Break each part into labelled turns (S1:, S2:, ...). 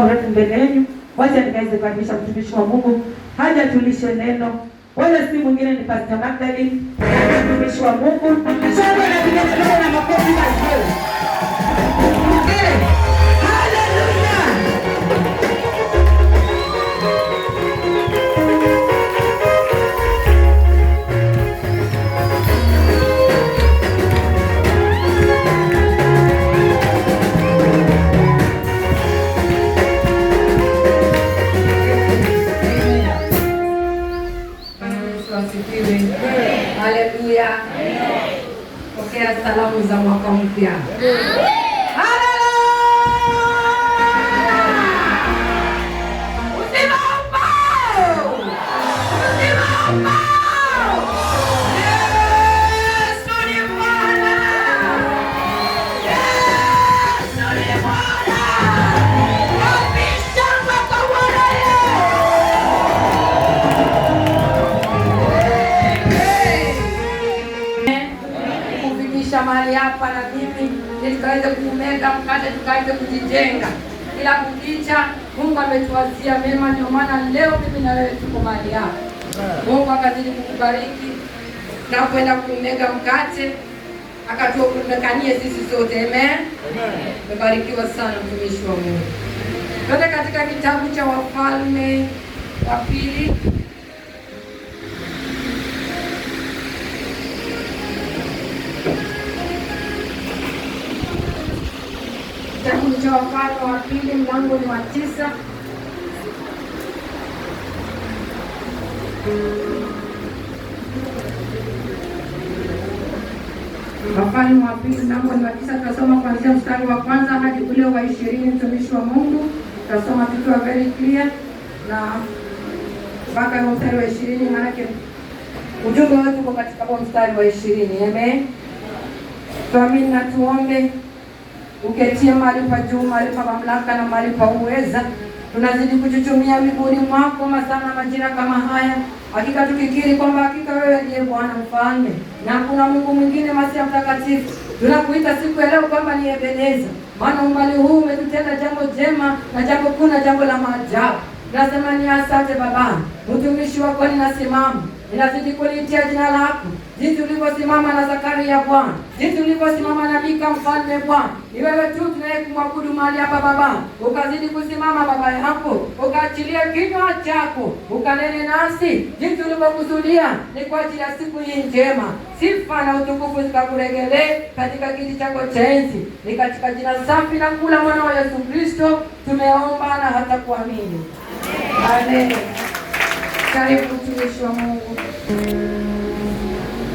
S1: urefu mbele yenu, wacha nikaweze kuadhimisha mtumishi wa Mungu haja tulishe neno, wala si mwingine ni Pastor Magdalene, mtumishi wa Mungu. Shangwe na vigelegele na makofi mazuri.
S2: Haleluya, pokea salamu za mwaka mpya.
S3: tukaweze kumega mkate, tukaweze kujijenga kila kukicha. Mungu ametuwazia mema, ndio maana leo mimi na wewe tuko mahali hapa. Mungu akazidi kukubariki na kwenda kumega mkate akatuonekanie sisi sote amen. Umebarikiwa sana mtumishi wa Mungu. Twende katika kitabu cha Wafalme wa Pili. cha Wafalme wa pili mlango ni wa tisa Wafalme wa pili mlango ni wa tisa tutasoma kuanzia mstari wa kwanza hadi ule wa ishirini mtumishi wa Mungu tutasoma tukiwa very clear na mpaka na mstari wa ishirini maanake ujumbe wetu uko katika huo mstari wa ishirini amen tuamini na tuombe uketie mahali pa juu, mahali pa mamlaka na mahali pa uweza. Tunazidi kuchuchumia miguuni mwako masana majira kama haya, hakika tukikiri kwamba hakika wewe ndiye Bwana mfalme na kuna Mungu mwingine masia mtakatifu. Tunakuita siku ya leo kwamba ni Ebeneza, maana umbali huu umetutenda jambo jema na jambo kuu na jambo la maajabu. Nasema ni asante Baba, mtumishi wako ninasimama inazidi kulitia jina lako, jinsi ulivyosimama na Zakaria Bwana, jinsi ulivyosimama na Mika mfalme Bwana. Ni wewe tu tunayekumwabudu mahali hapa Baba, ukazidi kusimama baba yako, ukaachilia kinywa chako ukanene nasi jinsi ulivyokusudia. Ni kwa ajili ya siku hii njema, sifa na utukufu zikakuregelee katika kiti chako cha enzi. Ni katika jina safi na kula mwana wa Yesu Kristo tumeomba na hata kuamini, amen. Karibu mtumishi wa Mungu.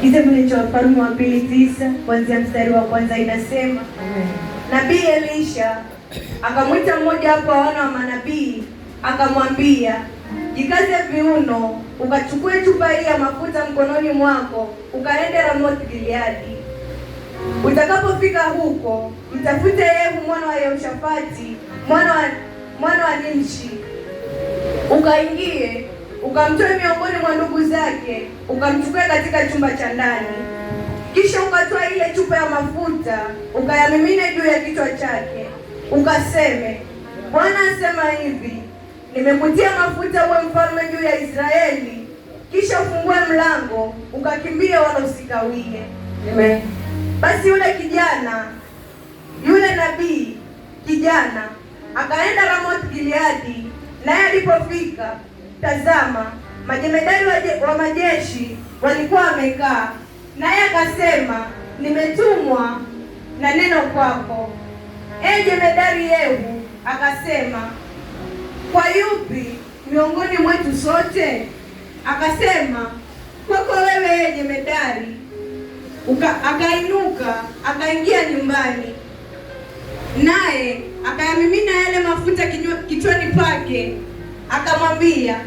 S4: Kitabu cha Wafalme wa pili tisa kuanzia mstari wa kwanza inasema nabii Elisha akamwita mmoja hapo wana wa manabii akamwambia, jikaze viuno, ukachukue chupa hii ya mafuta mkononi mwako, ukaende Ramoth Gileadi. Utakapofika huko, mtafute Yehu mwana wa Yehoshafati mwana wa mwana wa Nimshi, ukaingie ukamtoe miongoni mwa ndugu zake, ukamchukua katika chumba cha ndani, kisha ukatoa ile chupa ya mafuta ukayamimine juu ya kichwa chake, ukaseme, Bwana asema hivi, nimekutia mafuta uwe mfalme juu ya Israeli. Kisha ufungue mlango ukakimbia, wala usikawie. Basi yule kijana yule nabii kijana akaenda Ramoth Gileadi, naye alipofika tazama, majemadari wa majeshi walikuwa wamekaa naye, akasema nimetumwa na neno kwako, e ee jemedari Yehu. Akasema, kwa yupi miongoni mwetu sote? Akasema, kwako wewe, e ee jemedari. Akainuka akaingia nyumbani, naye akayamimina yale mafuta kichwani pake, akamwambia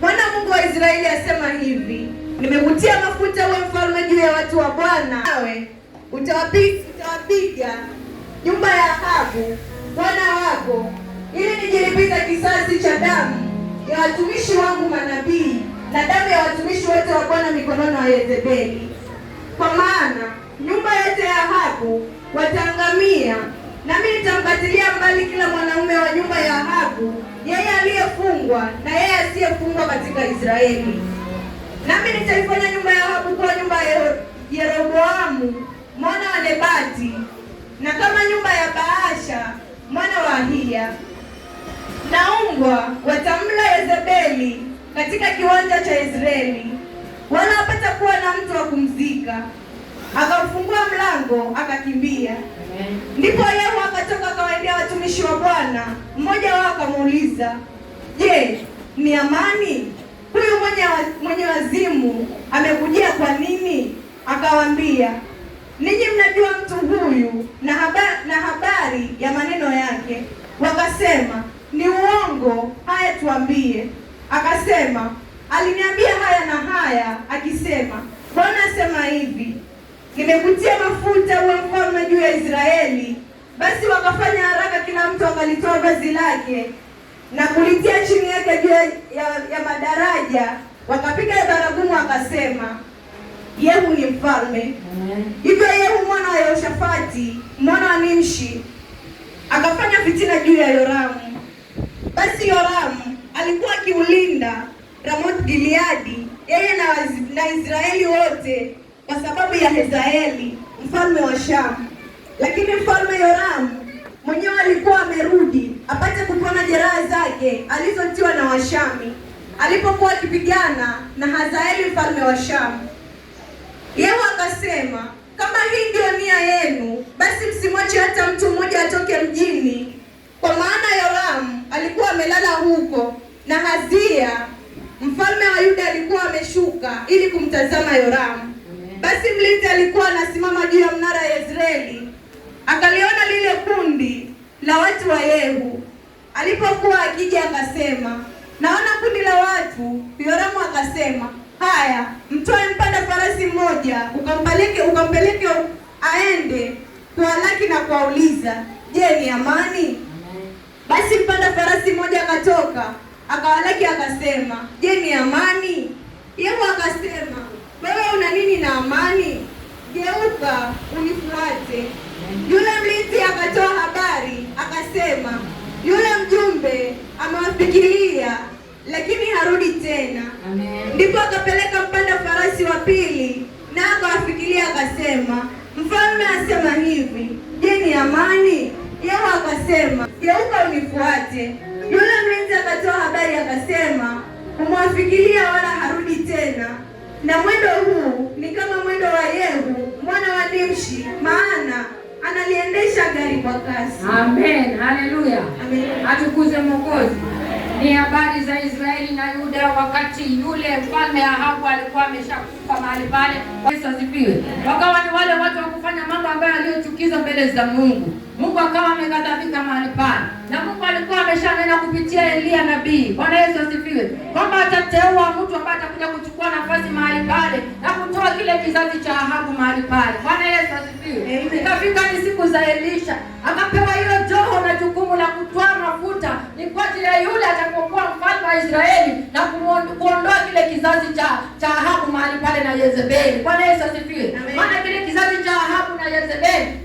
S4: Bwana Mungu wa Israeli asema hivi, nimekutia mafuta uwe mfalme juu ya watu wa Bwana, nawe utawapiga utawapiga nyumba ya Ahabu bwana wako, ili nijilipiza kisasi cha damu ya watumishi wangu manabii na damu ya watumishi wote wa Bwana mikononi wa Yezebeli. Kwa maana nyumba yote ya Ahabu wataangamia, nami nitambatilia mbali kila mwana wa nyumba ya Ahabu, yeye aliyefungwa na yeye asiyefungwa katika Israeli. Nami nitaifanya nyumba ya Ahabu kuwa nyumba ya Yeroboamu mwana wa Nebati, na kama nyumba ya Baasha mwana wa Ahiya. Naungwa watamla Yezebeli katika kiwanja cha Israeli, wala kuwa na mtu wa kumzika. Akamfungua mlango akakimbia. Ndipo Yehu akatoka akawaendea watumishi wa Bwana, mmoja wao akamuuliza, je, ni amani? Huyu mwenye mwenye wazimu amekujia kwa nini? Akawaambia, ninyi mnajua mtu huyu na habari, na habari ya maneno yake. Wakasema, ni uongo, haya tuambie. Akasema, aliniambia haya na haya akisema, Bwana asema hivi nimekutia mafuta uwe mfalme juu ya Israeli. Basi wakafanya haraka, kila mtu akalitoa vazi lake na kulitia chini yake juu ya, ya, ya madaraja, wakapiga baragumu, wakasema Yehu ni mfalme. Hivyo Yehu mwana wa Yehoshafati mwana wa Nimshi akafanya fitina juu ya Yoramu. Basi Yoramu alikuwa akiulinda Ramoth Gileadi, yeye na, na Israeli wote kwa sababu ya Hazaeli mfalme wa Shamu. Lakini mfalme Yoramu mwenyewe alikuwa amerudi apate kupona jeraha zake alizotiwa na Washami alipokuwa akipigana na Hazaeli mfalme wa Shamu. Yeye akasema, kama hii ndio nia yenu, basi msimwache hata mtu mmoja atoke mjini, kwa maana Yoramu alikuwa amelala huko na Hazia mfalme wa Yuda alikuwa ameshuka ili kumtazama Yoramu. Basi mlinzi alikuwa anasimama juu ya mnara ya Israeli, akaliona lile kundi la watu wa Yehu. Alipokuwa akija, akasema naona kundi la watu. Yoramu akasema haya, mtoe mpanda farasi mmoja, ukampeleke ukampeleke aende kuwalaki na kuwauliza, je, ni amani? Basi mpanda farasi mmoja akatoka akawalaki, akasema je, ni amani? Yehu akasema wewe una nini na amani? Geuka unifuate. Yule mlinzi akatoa habari akasema, yule mjumbe amewafikiria, lakini harudi tena. Ndipo akapeleka mpanda farasi wa pili, na akawafikiria akasema, mfalme asema hivi, je, ni amani? Yeye akasema, geuka unifuate. Yule mlinzi akatoa habari akasema, umewafikiria, wala harudi tena na mwendo huu ni kama mwendo wa Yehu mwana wa Nimshi, maana analiendesha gari kwa kasi.
S2: Amen, haleluya, atukuze Mwokozi. Ni habari za Israeli na Yuda, wakati yule mfalme Ahabu alikuwa ameshakufa mahali pale. Yesu asifiwe. Wakawa ni wale watu wa kufanya mambo ambayo aliyochukiza mbele za Mungu. Mungu akawa ameghadhabika mahali pale, na Mungu alikuwa ameshanena kupitia Elia nabii, Bwana Yesu asifiwe, kwamba atateua mtu ambaye atakuja kuchukua nafasi mahali pale na kutoa kile kizazi cha Ahabu mahali pale. Bwana Yesu asifiwe. Ikafika ni siku za Elisha, akapewa hilo joho na jukumu la kutoa mafuta ni kwa ajili ya yule atakokuwa mfalme wa Israeli na kuondoa kile kizazi cha cha Ahabu mahali pale na Yezebeli. Bwana Yesu asifiwe, maana kile kizazi cha Ahabu na Yezebeli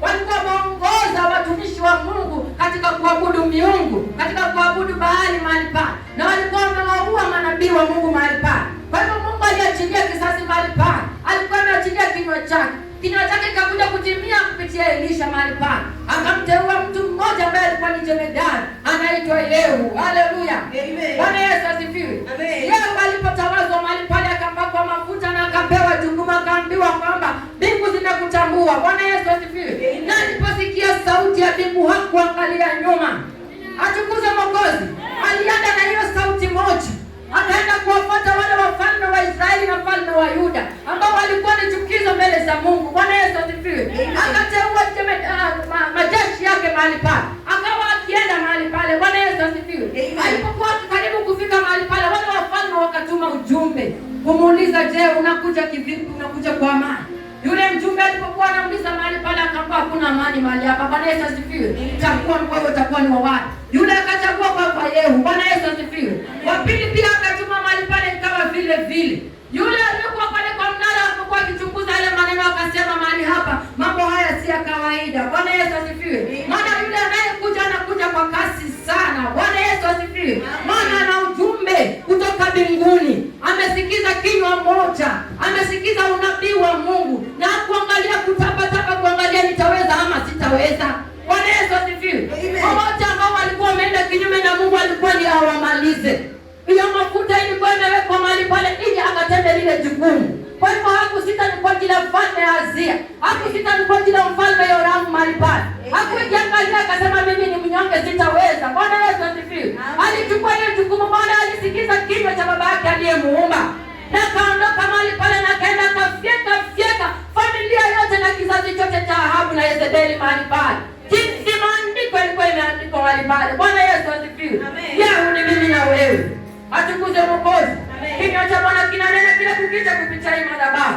S2: miungu katika kuabudu Baali mahali pale, na walikuwa wamewaua manabii wa Mungu mahali pale. Kwa hivyo Mungu aliachilia kisasi mahali pale, alikuwa ameachilia kinywa chake. Kinywa chake kikakuja kutimia kupitia Elisha mahali pale, akamteua mtu mmoja ambaye alikuwa ni jemedari anaitwa Yehu. Haleluya, Bwana Yesu asifiwe. Yehu alipotawazwa mahali pale, akapakwa mafuta na akapewa jukumu, akaambiwa kwamba mbingu zinakutambua. Bwana Yesu asifiwe. Na aliposikia sauti ya mbingu hakuangalia nyuma achunguze Mwokozi alienda na hiyo sauti moja, akaenda kuwafuata wale wafalme wa Israeli na wafalme wa Yuda ambao walikuwa ni chukizo mbele za Mungu. Bwana Yesu asifiwe. Akateua uh, ma, majeshi yake mahali pale, akawa akienda mahali pale. Bwana Yesu asifiwe. Alipokuwa karibu kufika mahali pale, wale wafalme wakatuma ujumbe kumuuliza, je, unakuja kivipi? Unakuja kwa amani? Yule mjumbe alipokuwa anauliza mahali pale, akaambia hakuna amani mahali hapa. Bwana Yesu asifiwe. Takuwa wewe utakuwa ni wa wapi? Yule akachagua kwa Yehu. Bwana Yesu asifiwe. Wa pili pia akachuma mahali pale kama vile vile. Yule aliyekuwa pale kwa mnara alipokuwa akichunguza yale maneno akasema, mahali hapa mambo haya si ya kawaida. Bwana Yesu asifiwe. Maana yule anayekuja anakuja kwa kasi sana. Bwana Yesu asifiwe. Maana ana ujumbe kutoka mbinguni. Amesikiza kinywa moja, amesikiza unabii wa Mungu na kuangalia kutapatapa, kuangalia nitaweza ama sitaweza. kinyume na Mungu alikuwa ni awamalize. Hiyo mafuta ilikuwa imewekwa mahali pale ili akatende lile jukumu. Kwa hivyo hakusita ni kwa ajili ya mfalme Azia, hakusita ni kwa ajili ya mfalme Yoramu mahali pale, hakujiangalia akasema mimi ni mnyonge, sitaweza. Bwana Yesu achukuze Mwokozi. Kinywa cha Bwana kinanena kila kukicha kupitia hii madhabahu.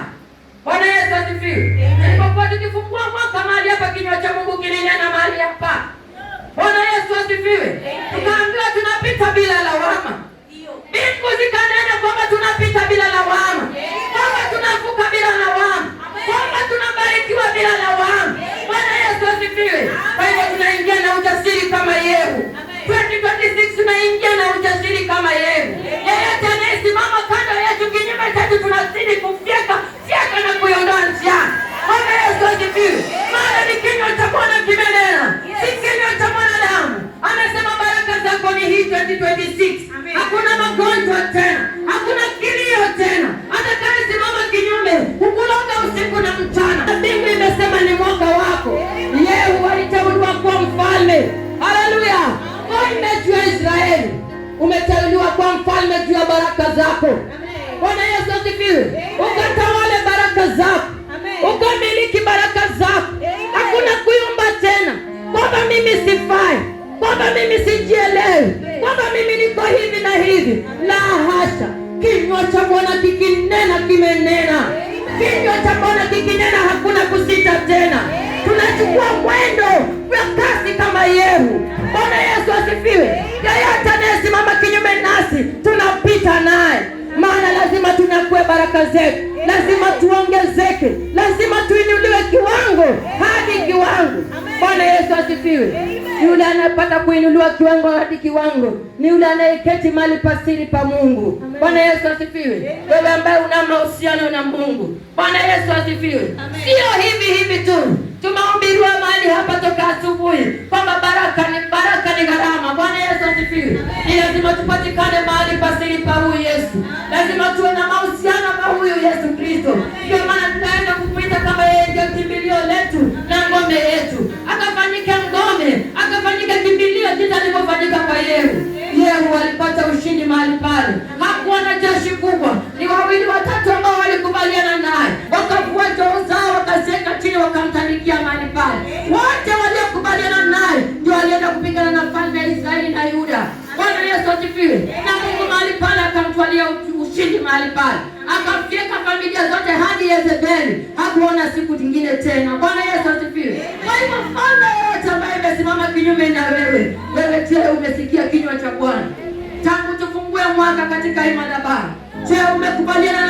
S2: Bwana Yesu asifiwe. Nilipokuwa tukifungua mwaka mahali hapa, kinywa cha Mungu kilinena mahali hapa. Bwana Yesu asifiwe. Tukaambiwa tunapita bila lawama. Mbingu zikanena kwamba tunapita bila lawama, kwamba tunavuka bila lawama, kwamba tunabarikiwa bila lawama. Bwana Yesu asifiwe. Kwa hivyo tunaingia na ujasiri kama Yehu. 2026 tunaingia na ujasiri kama Yehu. 2026. Hakuna magonjwa tena, hakuna kilio tena, atakaye simama kinyume ukulonga usiku na mchana. Mbingu imesema ni mwaka wako. Yeye waliteuliwa kuwa mfalme, haleluya, mfalme juu ya Israeli. Umeteuliwa kuwa mfalme juu ya baraka zako. Bwana Yesu asifiwe. Ukatawale baraka zako, ukamiliki baraka zako, hakuna kuyumba tena kwamba mimi sifai kwamba mimi sijielewi, kwamba mimi niko hivi na hivi. La hasha! Kinywa cha Bwana kikinena kimenena, kinywa cha Bwana kikinena, hakuna kusita tena. Tunachukua mwendo wa kasi kama Yehu. Bwana Yesu asifiwe! Yeyote anayesimama kinyume nasi tunapita naye, maana lazima tunyakue baraka zetu, lazima tuongezeke, lazima tuinuliwe kiwango hadi kiwango. Bwana Yesu asifiwe! ni yule anayepata kuinuliwa kiwango hadi kiwango, ni yule anayeketi mahali pa siri pa Mungu. Bwana Yesu asifiwe. Wewe ambaye una mahusiano na Mungu, Bwana Yesu asifiwe. Sio hivi hivi tu Tumehubiriwa mahali hapa toka asubuhi kwamba baraka ni baraka ni gharama. Bwana Yesu asifiwe. Ni lazima tupatikane mahali pasiri pa huyu Yesu, lazima tuwe na mahusiano na huyu Yesu Kristo. Ndio maana tunaenda kumwita kama yeye ndio kimbilio letu na ngome yetu, akafanyika ngome, akafanyika siku nyingine tena. Bwana Yesu asifiwe. Kwa hivyo mfalme yoyote ambaye imesimama kinyume na wewe, wewe je, umesikia kinywa cha Bwana tangu tufungue mwaka katika hii madhabahu? Je, umekubaliana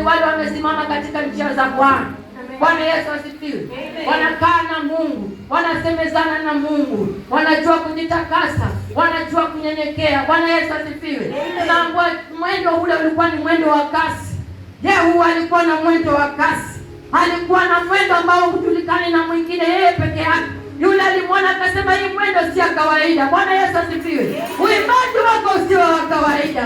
S2: ni wale wamesimama katika njia za Bwana. Bwana Yesu asifiwe. Wanakaa na Mungu, wanasemezana na Mungu, wanajua kujitakasa, wanajua kunyenyekea. Bwana Yesu asifiwe. Na mwendo ule ulikuwa ni mwendo wa kasi. Yehu alikuwa na mwendo wa kasi, alikuwa na mwendo ambao hujulikani na mwingine, yeye peke yake yule alimwona akasema, hii mwendo si ya kawaida. Bwana Yesu asifiwe. Uimbaji wako usio wa kawaida,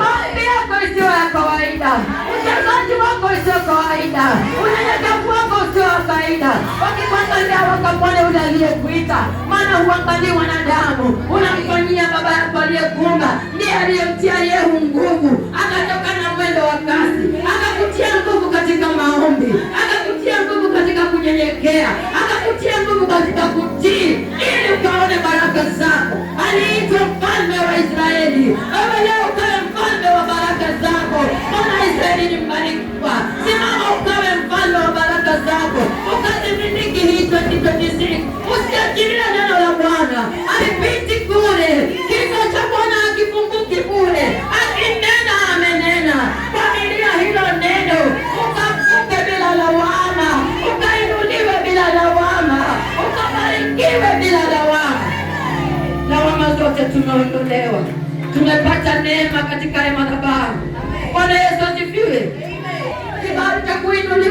S2: maombi yako isio ya kawaida, uchezaji wako usio kawaida, unyenyekevu wako usio wa kawaida. Wakikuangalia wakamwone yule aliyekuita, maana huangalii wanadamu, unamfanyia baba yako aliyekuumba. Ndiye aliyemtia Yehu nguvu, akatoka na mwendo wa kasi, akakutia nguvu katika maombi, akakutia nguvu katika kunyenyekea, akakutia nguvu katika kutii.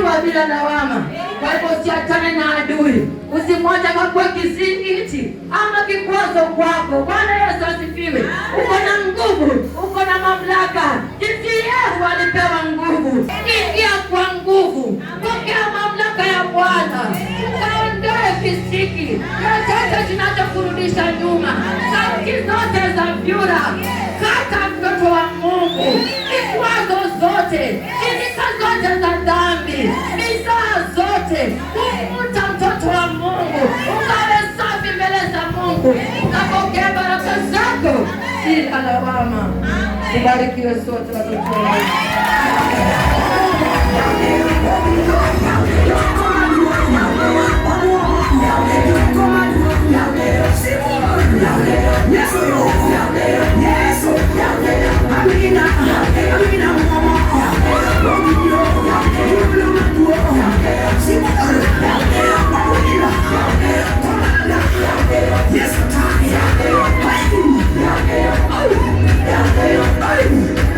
S2: kuwa bila lawama. Kwa hivyo usiachane na adui, usimwacha kakuwa kizingiti ama kikwazo kwako. Bwana Yesu asifiwe. Uko na nguvu, uko na mamlaka. Jinsi Yesu alipewa nguvu, ingia kwa nguvu, pokea mamlaka ya Bwana, ukaondoe kisiki chochote kinachokurudisha nyuma, sauti zote za vyura, kata mtoto wa Mungu, vikwazo zote, inika zote za haki misaa zote, kumvuta mtoto wa Mungu ukawe safi mbele za Mungu, ukapokea baraka zako bila lawama. Ubarikiwe sote watoto Yesu, Yesu, Yesu, Amina, Amina. Yes, I'm tired.